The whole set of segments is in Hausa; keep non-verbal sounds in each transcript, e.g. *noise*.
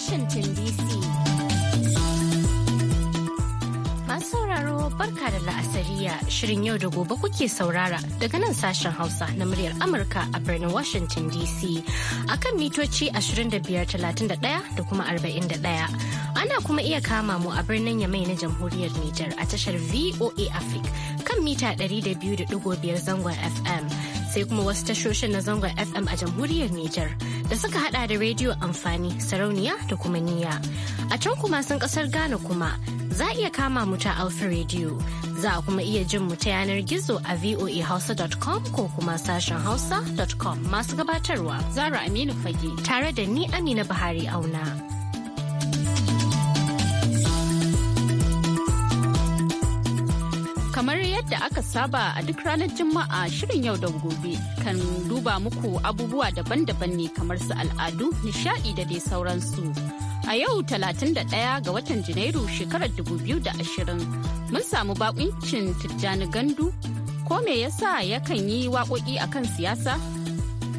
Washington DC. Masu sauraro barka da la'asariya shirin yau da gobe kuke saurara daga nan sashen Hausa na muryar Amurka a birnin Washington DC A kan mitoci 2531 da kuma 41. Ana kuma iya kama mu a birnin Yamai na Jamhuriyar Nijar a tashar VOA Africa kan mita 200.5 zangon FM. sai kuma wasu tashoshin na zangon FM a jamhuriyar Nijar da suka hada da rediyo amfani sarauniya da kuma niyya. A can kuma sun kasar Ghana kuma za a iya kama mu ta Alfa Radio. Za a kuma iya jin mu ta yanar gizo a voahausa.com ko kuma sashen hausa.com masu gabatarwa Zara Aminu Fage tare da ni Amina Buhari Auna. yadda aka saba a duk ranar Juma'a shirin yau da gobe kan duba muku abubuwa daban-daban ne kamar su al'adu, nishadi da dai sauransu. A yau 31 ga watan Janairu shekarar 2020 mun samu bakuncin Tijjani Gandu ko me yasa yakan yi waƙoƙi akan siyasa?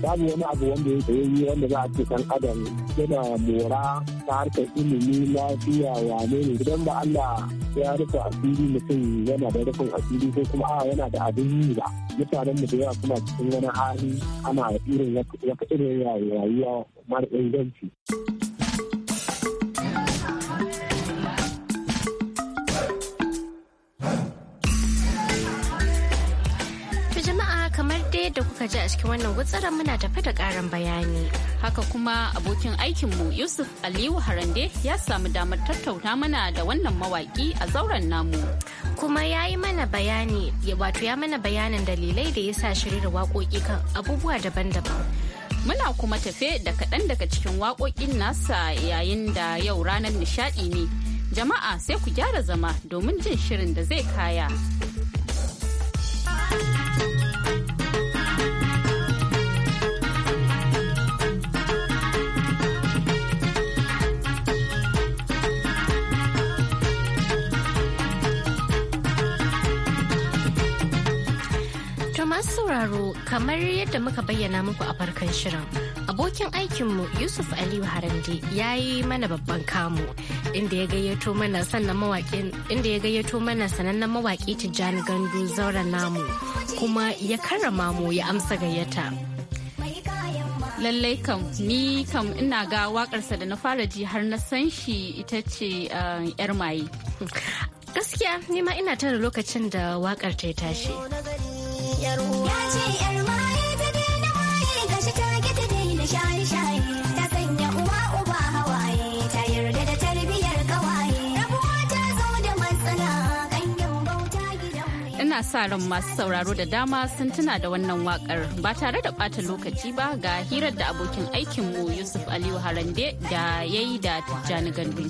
babu wani abu wanda ya yi wanda za a ce san adam yana mora ta harkar ilimi lafiya wane ne idan ba Allah sai ya rufe asiri mutum yana da rufin asiri ko kuma a yana da abin yi ba mutanen mu da yawa suna cikin wani hali ana irin wata irin rayuwa mara inganci. kamar dai da kuka ji a cikin wannan gutsarar muna tafi da karin bayani. Haka kuma abokin aikinmu Yusuf Aliyu Harande ya samu damar tattauna mana da wannan mawaki a zauren namu. Kuma ya yi mana bayani, wato ya mana bayanin dalilai da ya sa shirin waƙoƙi kan abubuwa daban-daban. Muna kuma tafe da kaɗan daga cikin waƙoƙin nasa yayin da yau ranar nishaɗi ne. Jama'a sai ku gyara zama domin jin shirin da zai kaya. Masu sauraro kamar yadda muka bayyana muku a farkon shirin abokin aikinmu Yusuf Aliyu Harande ya yi mana babban kamu inda ya gayyato mana sanannen mawaƙi Tijjani Gandu zauren namu kuma ya karrama mu ya amsa gayyata. lallai kam ni kam ina ga wakarsa da na fara ji har na san shi ita ce eh, yar maye gaskiya nima ina tara lokacin da wakar ta tashi yar uwa. Ya ce yar waye ta daina waye gashi ta ga daina Muna ran masu sauraro da dama sun tuna da wannan wakar ba tare da bata lokaci ba ga hirar da abokin aikinmu Yusuf Aliyu Harande da ya yi da Tijjani Gandu.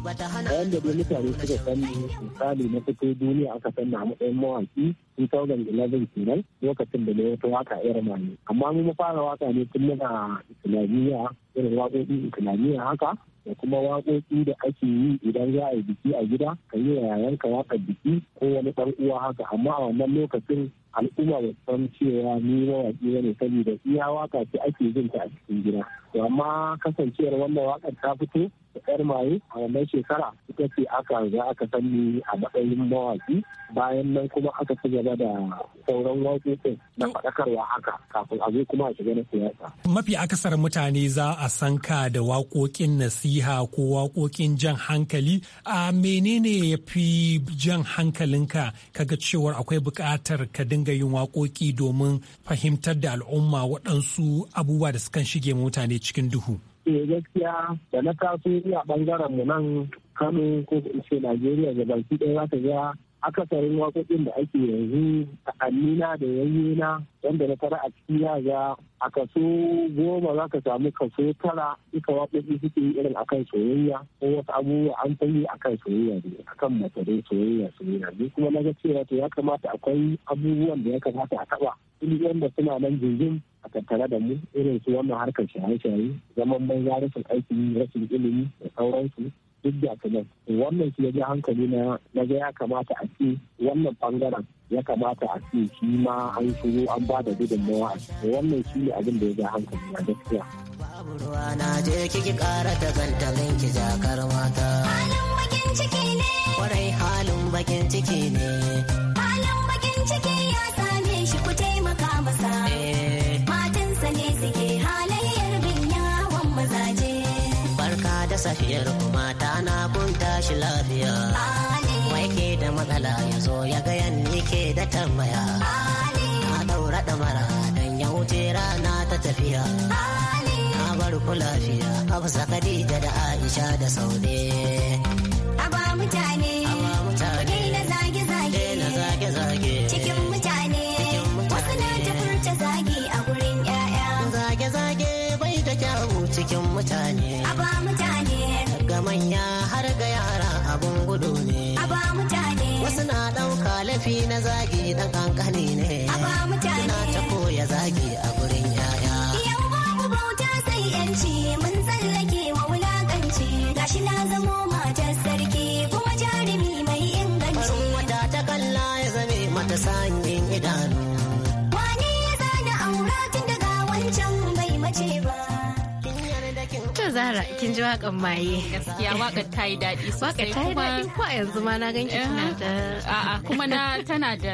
Bayan da mutane suka san misali na fito duniya aka san na matsayin mawaki 2011 kenan lokacin da na yi wata waka irin mani. Amma mu fara waka ne tun muna Islamiyya irin waƙoƙin Islamiyya haka da kuma waƙoƙi da ake yi idan za a yi biki a gida ka yi wa ka waƙar biki ko wani ɗan uwa haka amma a wannan lokacin al'umma ba san cewa ni mawaƙi ba ne saboda iya waƙa ce ake jin ta a cikin gida to amma kasancewar wannan waƙar ta fito yar maye a wannan shekara ita ce aka za aka sani a matsayin mawaki bayan nan kuma aka ci gaba da sauran waƙoƙin na faɗakarwa haka kafin a zo kuma a shiga na siyasa. Mafi akasar mutane za a san ka da waƙoƙin nasiha ko waƙoƙin jan hankali a menene ya fi jan hankalinka ga cewar akwai buƙatar ka dinga yin waƙoƙi domin fahimtar da al'umma waɗansu abubuwa da sukan shige mutane cikin duhu. eh gaskiya da na kaso a bangaren mu nan Kano ko in ce Najeriya da baki ɗaya za ta ga akasarin waƙoƙin da ake yanzu Amina da yayyena wanda na tara a cikin yaza a kaso goma za ka samu kaso tara duka waƙoƙi suke yi irin akan soyayya ko wasu abubuwa an yi akan soyayya ne akan mace dai soyayya soyayya ne kuma na ga cewa to ya kamata akwai abubuwan da ya kamata a taɓa ilimin da suna nan jirgin a tattare da mu irin su wannan harkar shaye-shaye zaman banza rashin aiki rashin ilimi da sauransu duk da kanan wannan su ya ji hankali na na ga ya kamata a ce wannan bangaren ya kamata a ce shi ma an shigo an ba da gudunmawa wannan shi ne abin da ya ja hankali na gaskiya. Babu ruwa na je kiki kara ta ganta ki jakar mata. Halin bakin ciki ne. Kwarai halin bakin ciki ne. safiyar kuma ta na kun tashi lafiya wai ke da matsala ya zo ya ga yanni ke da tambaya na daura mara dan ya wuce rana ta tafiya na bar ku lafiya hafsa khadija da aisha da saude laifi na zagi dan kankani ne na ta koya zagi a gurin yaya yau babu bauta sai yanci mun tsallake wa wulakanci gashi na zamo matar sarki kuma jarumi mai inganci farin wata ta kalla ya zame mata sanyin idanu wani ya zana aura tun daga wancan bai mace ba Zara kin ji wakan maye. Gaskiya wakan ta yi daɗi sosai kuma. Wakan ta yi daɗi kuma a yanzu ma na ganki tana da. Eh, kuma na tana da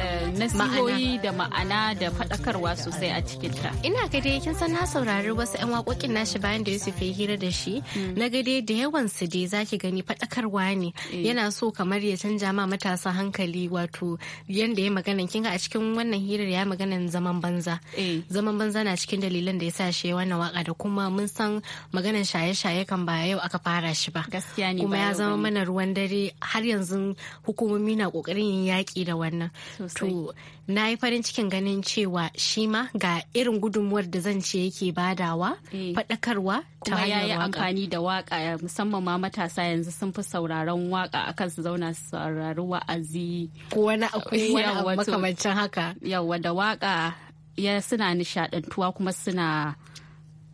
eh, nasihohi da ma'ana da faɗakarwa sosai a cikinta. Ina ga dai kin san na saurari wasu 'yan waƙoƙin nashi bayan da Yusuf ya hira da shi. Hmm. Na ga dai da yawan su dai zaki gani faɗakarwa ne. Eh. Yana so kamar ya canja ma matasa hankali wato yanda ya magana kin ga a cikin wannan hirar ya maganan zaman banza. Eh. Zaman banza na cikin dalilan da ya sa shi wannan waka da kuma mun san maganan shaye-shaye kan ba yau aka fara shi ba. Gaskiya ne. Kuma ya zama mana ruwan dare har yanzu hukumomi na ƙoƙari kokarin yin yaƙi da wannan to na yi farin cikin ganin cewa shi ma ga irin gudunmuwar da zan ce yake badawa eh. faɗakarwa ta kuma ya yi amfani da waƙa musamman ma matasa yanzu sun fi sauraron waƙa akan su zauna su saurari wa'azi ko wani akwai wani makamancin haka yawwa da waƙa ya suna nishaɗantuwa kuma suna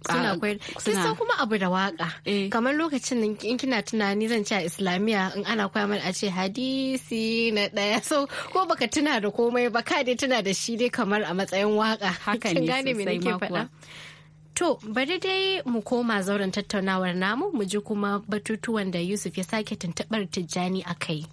Ah, suna koyar sun kuma abu da waka eh. kamar lokacin da in kina tunani zan ci a islamiyya in ana koya mana a ce hadisi na daya so ko baka tuna da komai ba ka dai tuna da shi dai kamar a matsayin waka haka ne sosai faɗa. To, bari dai mu koma zauren tattaunawar namu mu ji kuma batutuwan da Yusuf ya sake tuntuɓar Tijjani a kai.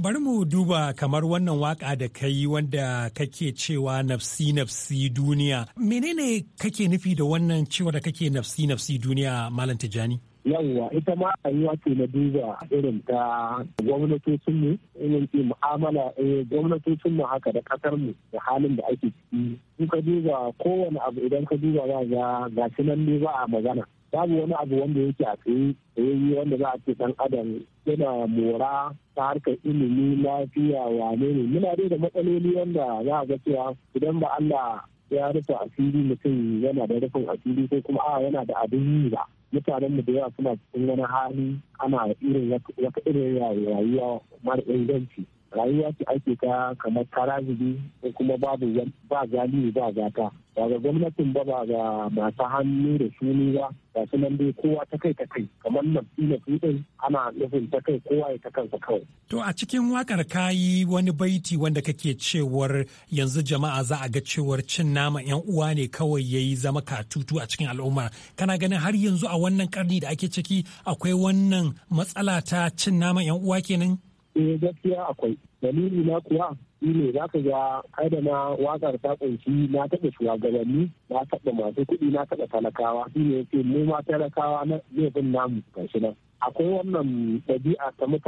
Bari mu duba kamar wannan waka da ka yi wanda kake cewa nafsi nafsi duniya. Menene kake nufi da wannan cewa da kake nafsi nafsi duniya Malam Tijjani? yawwa ita ma rayuwa ce na duba irin ta gwamnatocin mu irin ce mu'amala eh, gwamnatocin mu haka da kasar mu da halin da ake ciki in ka duba kowane abu idan ka duba za ga ga nan ne ba a magana babu wani abu wanda yake a tsaye tsayayye wanda za a ce dan adam yana mora ta harkar ilimi lafiya wane ne muna dai da matsaloli wanda za a ga cewa idan ba Allah ya rufe asiri mutum yana da rufin asiri ko kuma a yana da abin yi ba mutanen mu da yawa suna cikin wani hali ana irin wata irin rayuwa mara inganci rayuwa ce ake ta kamar kara karazibi ko kuma babu ba galibi ba zata ba ga gwamnatin ba ba ga masu hannu da suni ba ga su nan dai kowa ta kai ta kai kamar nan na din ana nufin ta kai kowa ya ta kansa kawai. To a cikin wakar kayi wani baiti wanda kake cewar yanzu jama'a za a ga cewar cin nama yan uwa ne kawai ya yi zama katutu a cikin al'umma kana ganin har yanzu a wannan karni da ake ciki akwai wannan matsala ta cin nama yan uwa kenan? eh gaskiya akwai dalili na kuwa ne za ka ga kada na wakar ta kunshi na taɓa shugabanni na taɓa masu kuɗi na taɓa talakawa shi shine ce mu ma talakawa na zai namu gashi nan akwai wannan ɗabi'a ta mu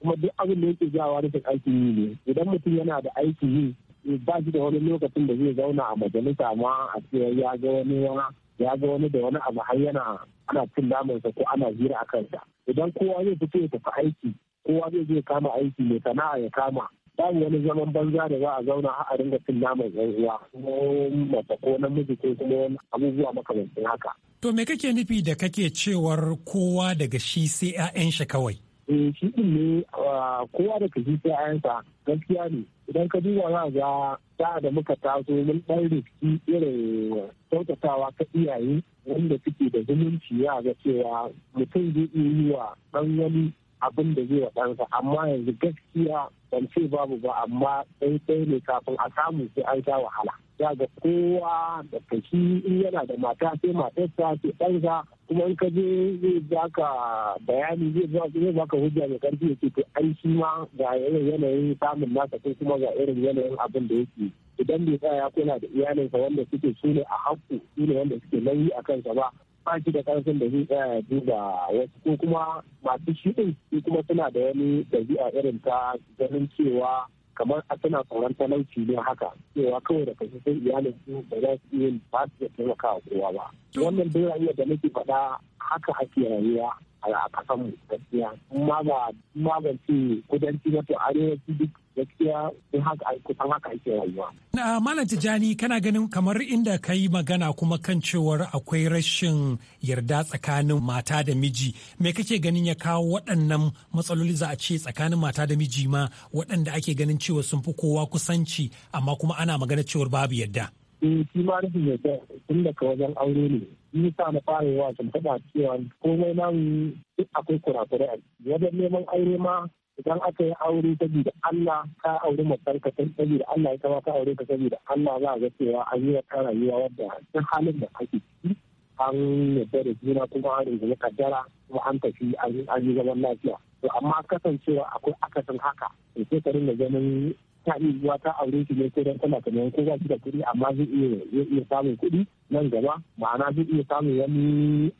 kuma duk abin da yake jawa rashin aikin yi ne idan mutum yana da aiki yi eh, ba shi da wani lokacin da zai zauna a majalisa ma a ce ya ga wani ya ga wani da wani abu har yana ana cin namansa ko ana hira a kansa idan kowa zai fito ya tafi aiki kowa zai je kama aiki mai sana'a ya kama bayan wani zaman banza da za a zauna a dinga cin naman yan uwa ko mata ko namiji ko kuma abubuwa makamancin haka. To me kake nufi da kake cewar kowa daga shi sai 'ya'yan shi kawai? Eh shi din ne ah, kowa daga shi sai sa gaskiya ne idan ka duba za ga sa'a da muka taso mun ɗan riski irin kyautatawa ta iyaye wanda suke da zumunci ya ga cewa mutum zai iya yi wa ɗan wani abin da zai wa ɗansa amma yanzu gaskiya ban ce babu ba amma sai dai ne kafin a samu sai an sha wahala ya ga kowa da kashi in yana da mata sai matarsa sai ɗansa kuma in ka je zai baka bayani zai baka hujja mai karfi ya ce to an shi ma ga yanayin samun nasa ko kuma ga irin yanayin abin da yake idan bai tsaya na da iyalinsa wanda suke su a hakku su wanda suke nauyi a kansa ba ba da karfin da zai tsaya duba wasu ko kuma masu shiɗin su kuma suna da wani ɗabi'a irin ta ganin cewa kamar a suna tsoron talauci ne haka cewa kawai da kashe sai iyalin su ba za su iya ba su taimaka wa kowa ba wannan dorayen da nake faɗa haka ake rayuwa a kasan mu gaskiya kuma ba ce, kudanci na to arewaci duk gaskiya in haka kusan haka ake rayuwa. Na Malam Tijani kana ganin kamar inda ka yi magana kuma kan cewar akwai rashin yarda tsakanin mata da miji me kake ganin ya kawo waɗannan matsaloli za a ce tsakanin mata da miji ma waɗanda ake ganin cewa sun fi kowa kusanci amma kuma ana magana cewar babu yarda. eh shi ma rashin yarda tun daga wajen aure ne yi sa na fara yawa sun taɓa cewa komai namu duk akwai kurakurai a ciki wajen neman aure ma idan aka yi aure saboda Allah ka aure matarka saboda Allah ya kama ka aure ka saboda Allah za a ga cewa an yi wata rayuwa wadda duk halin da ake ciki an yarda da juna kuma an rinjini kaddara kuma an tafi an yi zaman lafiya to amma kasancewa akwai akasin haka to sai ka rinna ganin ta iya ta aure shi ne sai dan tana kamar ko ba shi da kuɗi amma zai iya iya samun kuɗi nan gaba ma'ana zai iya samun wani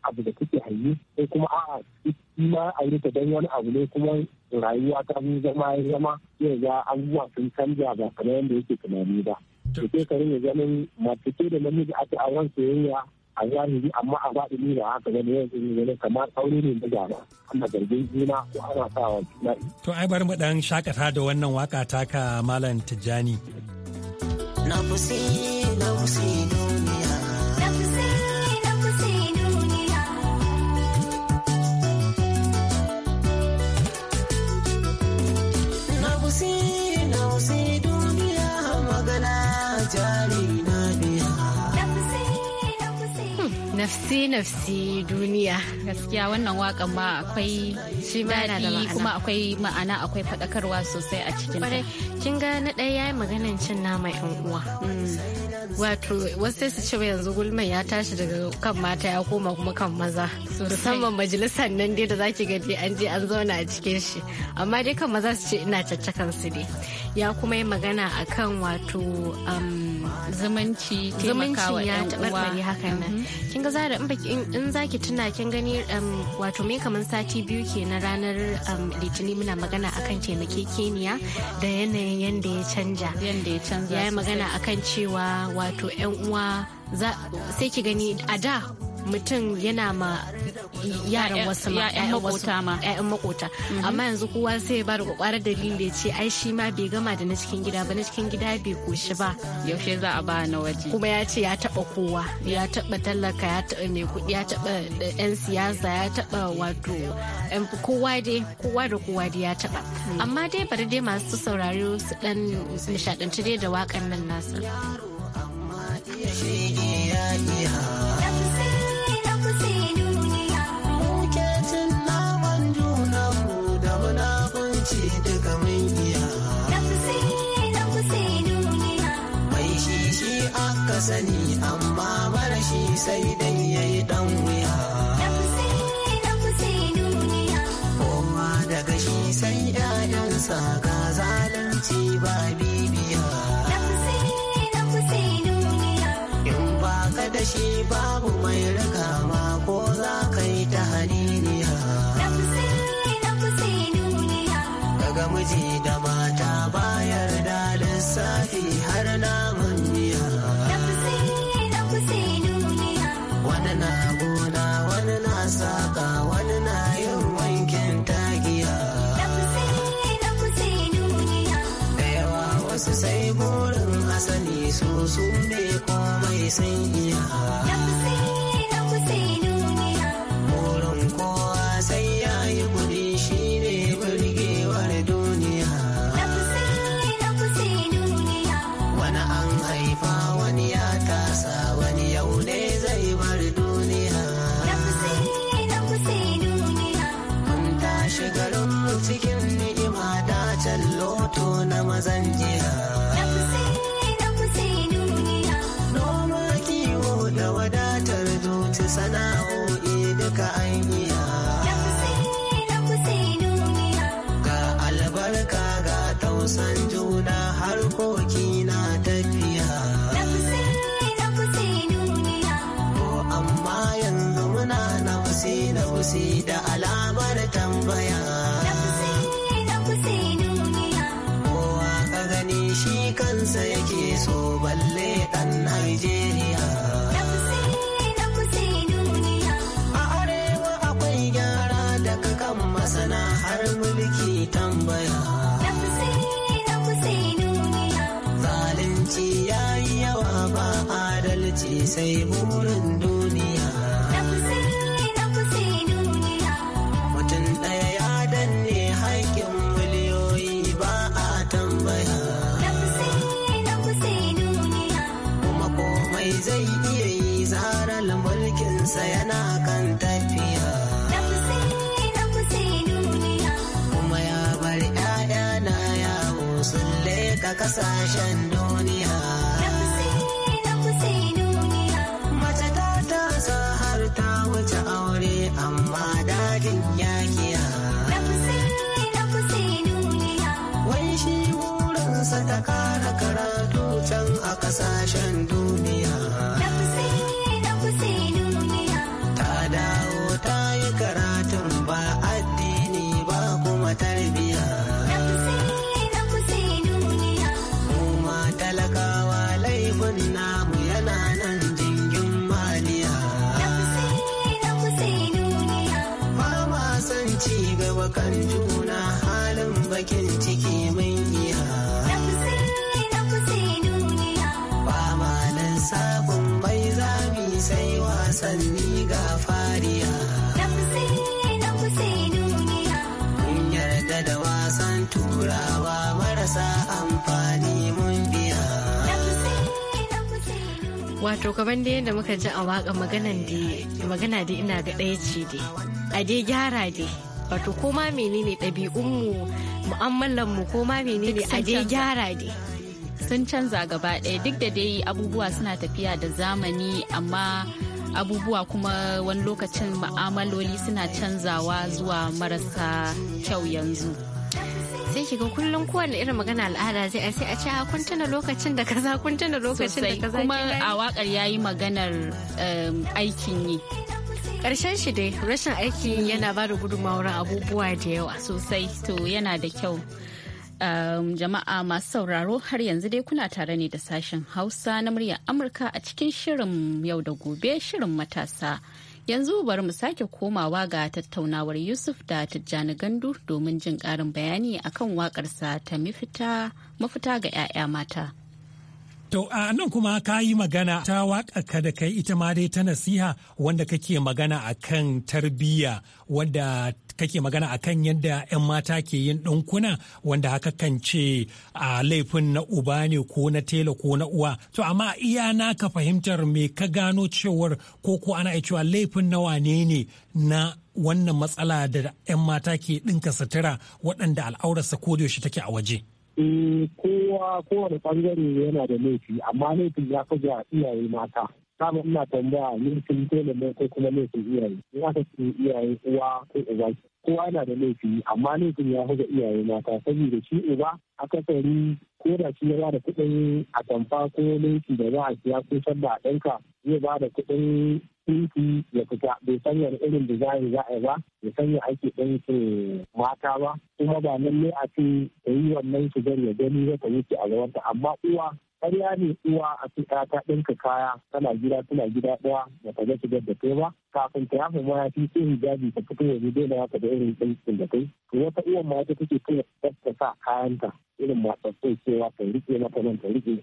abu da kake hanyi sai kuma a'a shi ma aure ta dan wani abu ne kuma rayuwa ta zama ya zama zai ga abubuwa sun canja ba kamar yadda yake tunani ba. Sai ka rinka ganin mace da namiji ake auren soyayya a zahiri amma a baɗini da haka wani yanzu ne kamar aure ne da gaba ana zargin juna ko ana sa wa juna. To ai bari mu ɗan shakata da wannan waka taka Malam Tijjani. Na fusi, na fusi, nafsi nafsi duniya gaskiya wannan waƙan ma akwai shi kuma akwai ma'ana akwai faɗakarwa sosai a cikin kin ga na ɗaya yayi maganan cin nama yan uwa mm. wato wasu sai su ce yanzu gulman ya tashi daga kan mata ya koma kuma kan maza musamman majalisar nan dai da zaki gani an je an zauna a cikin shi amma dai kan maza su ce ina caccakan su ne ya kuma yi magana akan wato um, zumunci zumunci ya tabarbare hakan nan mm-hmm. kin ga zara in baki in zaki tuna kin gani um, wato me kaman sati biyu ke na ranar um, litinin muna magana akan taimakekeniya da yanayin yanda ya canja yanda ya canza ya yi magana akan cewa wato yan uwa sai ki gani a da mutum yana ma yaran wasu ma ƴaƴan makota mhm. amma yanzu kowa sai ya bada kwakwarar dalilin da ya ce ai shi ma bai gama da na cikin gida ba na cikin gida bai koshi ba yaushe za a ba na waje kuma ya ce ya taba kowa ya taba talaka ya taba mai kuɗi ya taba yan eh, siyasa ya taba wato kowa dai kowa da kowa dai ya taba mm. amma dai bari dai masu saurari su dan nishadanci dai da wakan nan nasa. Shege ya iya sani amma shi sai dai ya yi ɗan wuya. Kowa daga shi sai ‘ya'yansa ga su ne komai sun iya burin kowa sai ya yi kuɗi shi ne birgewar duniya wani an haifa wani ya tasa wani yau ne zai bar duniya mun tashi garin cikin ni'ima can loto na mazan tambaya kowa ka gani shi kansa yake so balle ɗan Najeriya a arewa akwai gyara daga kan masana mulki tambaya zalunci yayi yawa ba adalci sai burin sa yana kan tafiya kuma ya bar 'ya'yana yawo sun leka kasashen wato kamar da yadda muka ji a waka maganan da magana da ina ga ɗaya ce da a dai gyara da wato ko ma menene mu mu'amalan mu ko ma menene a dai gyara da sun canza gaba ɗaya duk da dai abubuwa suna tafiya da zamani amma abubuwa kuma wani lokacin ma'amaloli suna canzawa zuwa marasa kyau yanzu. sai ki kullum kowane irin magana al'ada zai sai a ce a ah, kun tuna lokacin da kaza kun lokacin da kaza kuma a wakar yayi maganar um, aikin yi karshen shi dai rashin aiki yana ba da gudunmawar abubuwa da yawa sosai to yana da kyau um, jama'a masu sauraro har yanzu dai kuna tare ne da sashen hausa na muryar amurka a cikin shirin yau da gobe shirin matasa Yanzu bari mu sake komawa ga tattaunawar Yusuf da Tijjani Gandu domin jin ƙarin bayani akan wakarsa ta mafita ga 'ya'ya mata. To a nan kuma ka yi magana ta ka da kai ita ma dai ta nasiha wanda kake magana a kan tarbiyya wadda kake magana a kan yadda 'yan mata ke yin ɗunkuna wanda haka kan ce a laifin na uba ne ko na tela ko na uwa to amma iya na ka fahimtar me ka gano cewar ko ko ana cewa laifin na wane ne na wannan matsala da 'yan mata ke ɗinka sutura waɗanda al'aurarsa ko yaushe take a waje. Eh, kowa kowane ɓangare yana da laifi amma laifin ya fi ga iyaye mata samun ina tambaya laifin dole mai ko kuma ne sun iyaye in aka ce iyaye uwa ko uba kowa yana da laifi amma ne sun ya fi ga iyaye mata saboda shi uba akasari ko da shi ya bada kuɗin a atamfa ko laifi da za a siya ko sanda a ɗanka zai ba da kuɗin tinki ya fita bai sanya irin da za a yi ba ya sanya ake ɗan mata ba kuma ba lallai a ce ta yi wannan shigar ya gani ya ta a gabanta amma uwa ƙarya ne uwa a ce ta ɗinka kaya tana gida tana gida ɗaya da ta ga shigar da kai ba kafin ta yafa mayafi sai hijabi ta fito yanzu na yaka da irin ɗinkin da kai wata uwan ma ta take kai ta sa kayanta irin sai cewa ta rike mata nan ta rike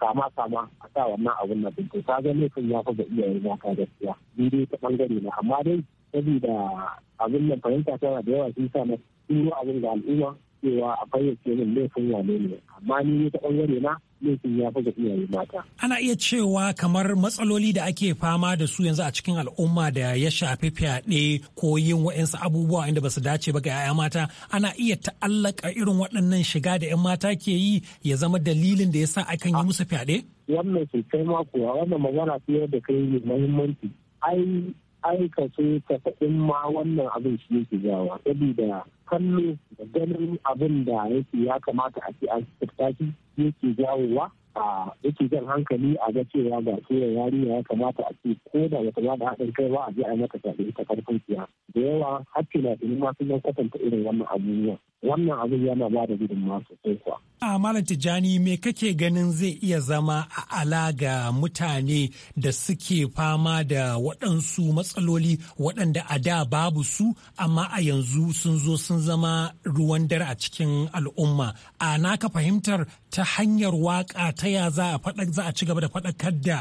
kama kama a sa wannan abun na to ta ga laifin ya fi ga iyayen ka gaskiya ni dai ta bangare na. amma dai saboda abin nan fahimta tana da yawa sun sa na turo abin ga al'umma cewa a fayyace min laifin wane ne amma ni ta ɓangare na laifin ya iyaye mata. Ana iya cewa kamar matsaloli da ake fama da su yanzu a cikin al'umma da ya shafi fyaɗe ko yin wa'insu abubuwa inda ba su dace ba ga 'ya'ya mata ana iya ta'allaka irin waɗannan shiga da 'yan mata ke yi ya zama dalilin da ya sa akan yi musu fyaɗe? Wannan sosai ma kuwa wannan magana fiye da kai muhimmanci. Ai an kaso kasa'in ma wannan abin shi yake jawa saboda kallo da ganin abin da yake ya kamata a ce an tattaki yake jawowa a yake jan hankali a ga cewa ga tsoron yari ya kamata a ce ko da wata ba da haɗin kai ba a je a mata fyaɗe ta karfin siya da yawa hakki na ɗin masu sun kwatanta irin wannan abubuwan wannan abin yana ba da gudun masu kuwa. A Malam Tijjani me kake ganin zai iya zama a ala ga mutane da suke fama da waɗansu matsaloli waɗanda a da babu su amma a yanzu sun zo sun zama ruwan dare a cikin al'umma. A naka fahimtar ta hanyar waka ta ya za a za ci gaba da faɗakar da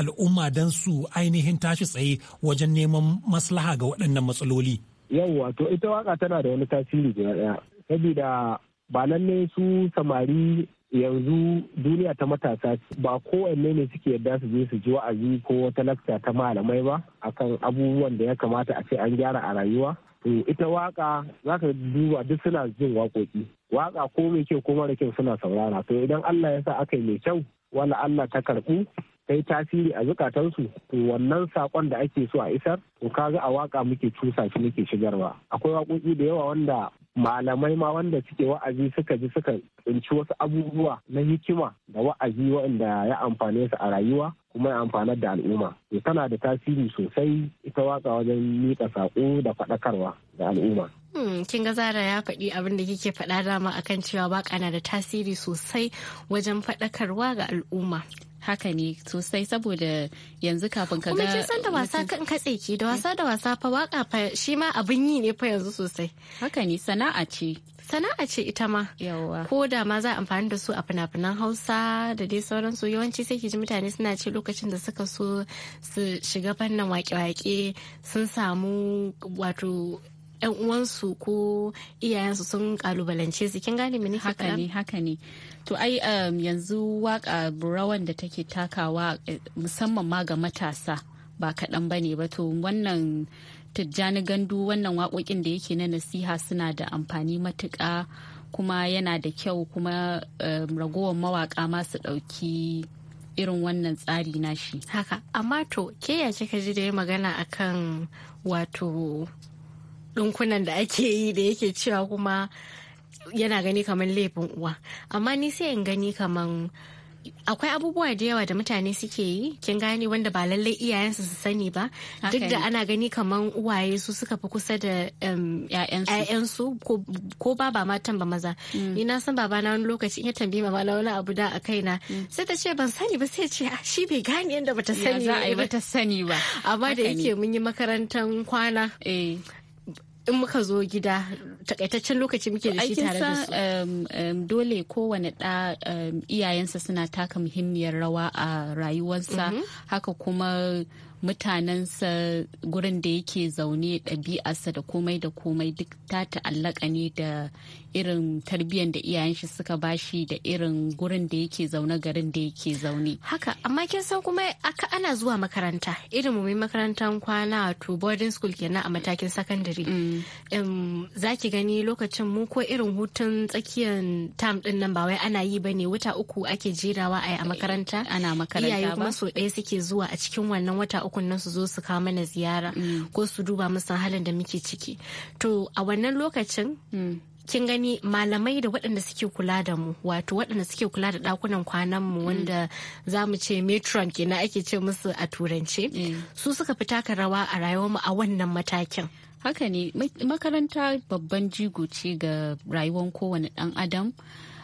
al'umma don su ainihin tashi tsaye wajen neman maslaha ga waɗannan matsaloli. Yawwa to ita waka tana da wani tasiri guda ɗaya. saboda ba lalle su samari yanzu duniya ta matasa ba kowanne ne suke yadda su je su ji wa'azi ko wata lakta ta malamai ba akan abubuwan da ya kamata a ce an gyara a rayuwa to ita waka za ka duba duk suna jin waƙoƙi waka ko mai kyau ko mara kyau suna saurara to idan Allah ya sa aka yi mai kyau wala Allah ta karɓu ta yi tasiri a zukatansu to wannan saƙon da ake so a isar to kaga a waka muke cusa shi muke shigarwa akwai waƙoƙi da yawa wanda malamai ma wanda suke wa'azi suka ji suka tsinci wasu abubuwa na hikima da wa'azi waɗanda ya amfane su a rayuwa kuma ya amfanar da al'umma to tana da tasiri sosai ita waka wajen miƙa saƙo da faɗakarwa ga al'umma hmm, kin ga zara ya faɗi abin da kike faɗa dama akan cewa waka na da tasiri sosai wajen faɗakarwa ga al'umma haka ne sosai saboda yanzu kafin ka ga kuma da wasa kan katse ke da wasa eh. da wasa fa waka fa shi ma abin yi ne fa yanzu sosai haka ne sana'a ce sana'a ce ita ma yawa ko da ma za a amfani da su a fina-finan hausa da dai sauransu yawanci sai ki ji mutane suna ce lokacin da suka so su shiga fannin wake-wake sun samu wato yan uwansu ko iyayensu sun kalubalance su kin gane mini haka ne haka ne to ai um, yanzu waka rawan da take takawa eh, musamman ma ga matasa ba kaɗan bane ne ba to wannan tijjani gandu wannan waƙoƙin da yake na nasiha suna da amfani matuƙa kuma yana da kyau kuma um, ragowar mawaƙa masu ɗauki irin wannan tsari nashi. Haka, amma to ke ya ka ji da magana akan wato dunkunan da ake yi da yake cewa kuma yana gani kamar laifin uwa amma ni sai in gani kamar akwai abubuwa da yawa da mutane suke yi kin gane wanda ba lallai iyayensu su sani ba duk da ana gani kamar uwaye su suka fi kusa da ƴaƴansu ko ba ba matan ba maza mm. ni na san baba wani lokaci in ya tambi mama na wani abu da a kaina mm. sai ta ce ban sani ba sai ce ah, shi bai gane yadda sani ba bata sani ba amma da yake mun yi makarantar kwana eh. in muka zo gida takaitaccen lokaci muke da shi tare da su um, um, dole kowane ɗa um, iyayensa suna taka muhimmiyar rawa a rayuwarsa mm-hmm. haka kuma mutanensa gurin da yake zaune ɗabi'arsa da komai da komai duk ta ta'allaka ne da irin tarbiyyar da iyayen shi suka bashi da irin gurin da yake zaune garin da yake zaune. Haka amma kin san kuma aka ana zuwa makaranta irin mu makarantar kwana wato boarding school kenan a matakin sakandare. Mm. za ki gani lokacin mu ko irin hutun tsakiyar tam din nan ba wai ana yi ba ne wata uku ake jerawa a eh, makaranta. Ana makaranta Iyaye kuma so ɗaya suke zuwa a cikin wannan wata uku kunnan su zo su kawo mana ziyara mm. ko su duba musan halin da muke ciki to a wannan lokacin mm. kin gani malamai da waɗanda suke kula da mu wato waɗanda suke kula da ɗakunan kwanan mu mm. wanda za mu ce matron kenan ake ce musu a turance su suka fi taka rawa a rayuwar mu a wannan matakin haka ne makaranta babban jigo ce ga rayuwar kowane ɗan adam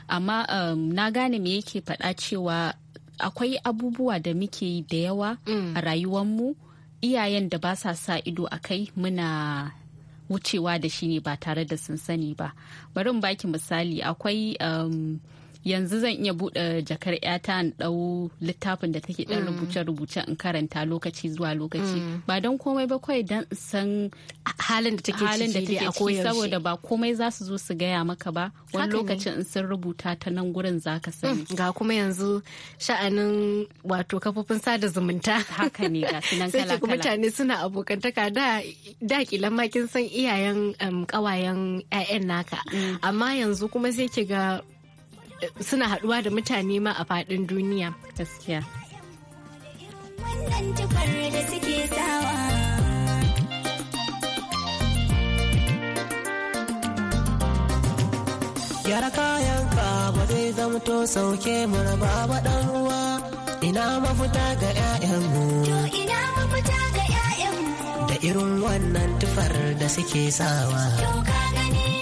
amma um, na gane me yake faɗa cewa akwai abubuwa da muke da yawa a mm. a rayuwanmu iyayen da ba sa sa ido a kai muna wucewa da shi ne ba tare da sun sani ba bari baki misali akwai um, yanzu zan iya buɗe jakar yata in ɗau littafin da take ɗan mm. rubuce-rubuce in karanta lokaci zuwa lokaci mm. ba don komai ba kawai don san halin da take ciki da take saboda ba komai za su zo su gaya maka ba wani lokacin in sun rubuta ta nan gurin za ka mm, sani ga kuma yanzu sha'anin wato kafofin sada zumunta haka ne ga nan *laughs* kala kala mutane suna abokantaka da da kila ma kin san iyayen kawayen ƴaƴan naka amma yanzu kuma sai ki ga suna haɗuwa da mutane ma a faɗin duniya gaskiya Gyara kayanka ba zai zamto sauke mura ba ɗan ruwa ina mafita ga 'ya'yanmu. ina mafita ga 'ya'yanmu. Da irin wannan tufar da suke sawa.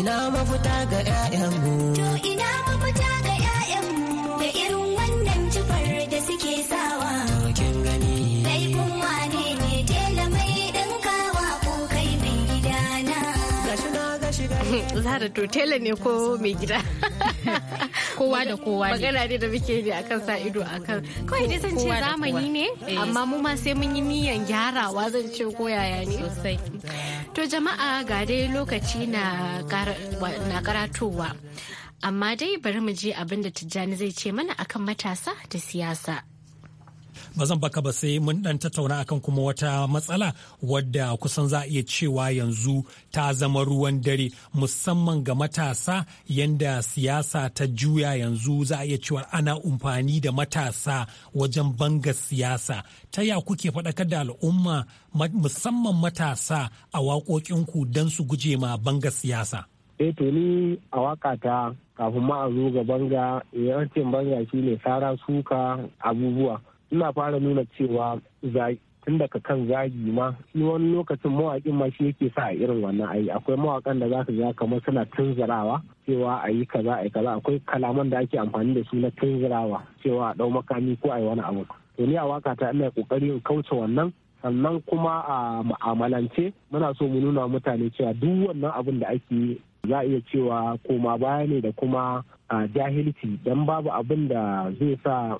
ina mafita ga 'ya'yanmu to ina mafita ga 'ya'yanmu da irin wannan jifar da suke sawa kin gani laifin wane ne tela mai kawa ko kai mai gidana gashi na gashi *laughs* zara to tela ne ko mai gida *laughs* kowa da kowa ne magana ne da muke ne akan sa ido akan kawai dai zan ce zamani ne eh. amma mu ma sai mun yi niyan gyarawa zan ce ko yaya ne sosai To jama'a ga dai lokaci na karatowa. Amma dai bari mu je abin da Tijjani zai ce mana akan matasa da siyasa. ba zan baka ba sai mun dan tattauna akan kuma wata matsala wadda kusan za iya cewa yanzu ta zama ruwan dare musamman ga matasa yanda siyasa ta juya yanzu za a iya cewa ana umfani da matasa wajen banga siyasa ta ya kuke faɗakar da al'umma musamman matasa a waƙoƙinku don su guje ma banga siyasa eh, to ni a wakata kafin ma a zo ga banga yawancin banga shine sara suka abubuwa ina fara nuna cewa tun daga kan zagi ma shi wani lokacin mawaƙin ma shi yake sa a irin wannan ayi akwai mawaƙan da za zaka ga kamar suna tunzurawa cewa a yi kaza a yi kaza akwai kalaman da ake amfani da su na tunzurawa cewa a ɗau makami ko a yi wani abu to ni a waka ta ina kokari in kauce wannan sannan kuma a ma'amalance muna so mu nuna mutane cewa duk wannan abin da ake za a iya cewa koma baya ne da kuma jahilci don babu abin da zai sa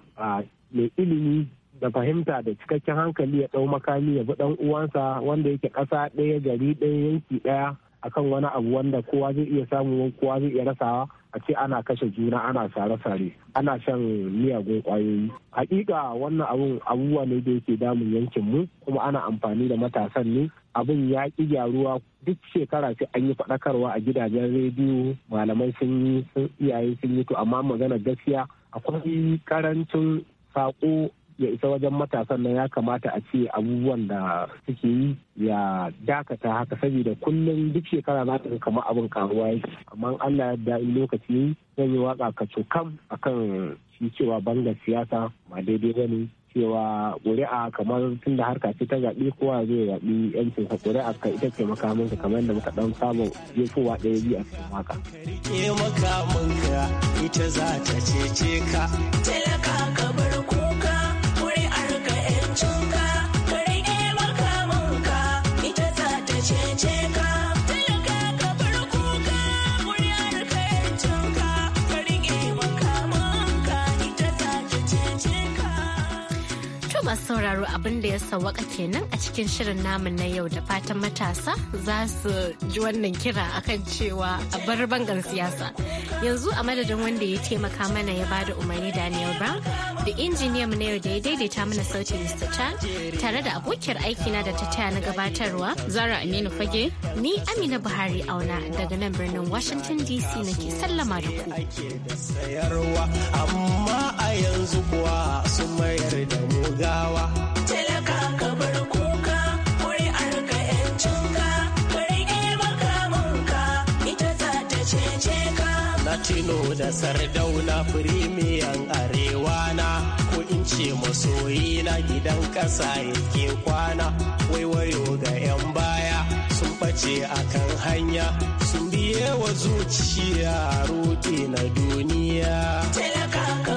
mai ilimi da fahimta da cikakken hankali ya ɗau makami ya bi ɗan uwansa wanda yake ƙasa ɗaya gari ɗaya yanki ɗaya akan wani abu wanda kowa zai iya samu kowa zai iya rasawa a ce ana kashe juna ana sare-sare ana shan miyagun kwayoyi hakika wannan abun abubuwa ne da yake damun yankin mu kuma ana amfani da matasan ne abin ya ki gyaruwa duk shekara sai an yi faɗakarwa a gidajen rediyo malamai sun yi sun iyaye sun yi to amma magana gaskiya akwai karancin saƙo ya isa wajen matasan nan ya kamata a ce abubuwan da suke yi ya dakata haka saboda kullum duk shekara za ta kama abin karuwa yake amma Allah ya da lokaci zan yi waka ka cokam akan shi cewa bangar siyasa ma daidai bane cewa ƙuri'a kamar tun da harka ce ta zaɓi kowa zai zaɓi yancin ka ƙuri'a ka ita ce makamin ka kamar yadda muka ɗan samu jefowa ɗaya biyu a cikin waka. ka ita za ta cece ka. sauraro abin da ya sawaka kenan a cikin shirin namun na yau da fatan matasa za su ji wannan kira akan cewa a bar bangar siyasa. Yanzu a madadin wanda ya taimaka mana ya bada umarni Daniel Brown da injiniya na yau da ya daidaita mana sauti Mr. Chan tare da abokiyar aikina da ta taya na gabatarwa Zara Aminu Fage ni Amina Buhari auna daga nan birnin Washington DC nake sallama da ku. Amma a yanzu kuwa sun mayar da Tino da Sardauna firimiyan arewa na ko in ce masoyi na gidan ƙasa yake kwana waiwayo ga 'yan baya sun ɓace kan hanya sun biye wa zuciya roƙi na duniya.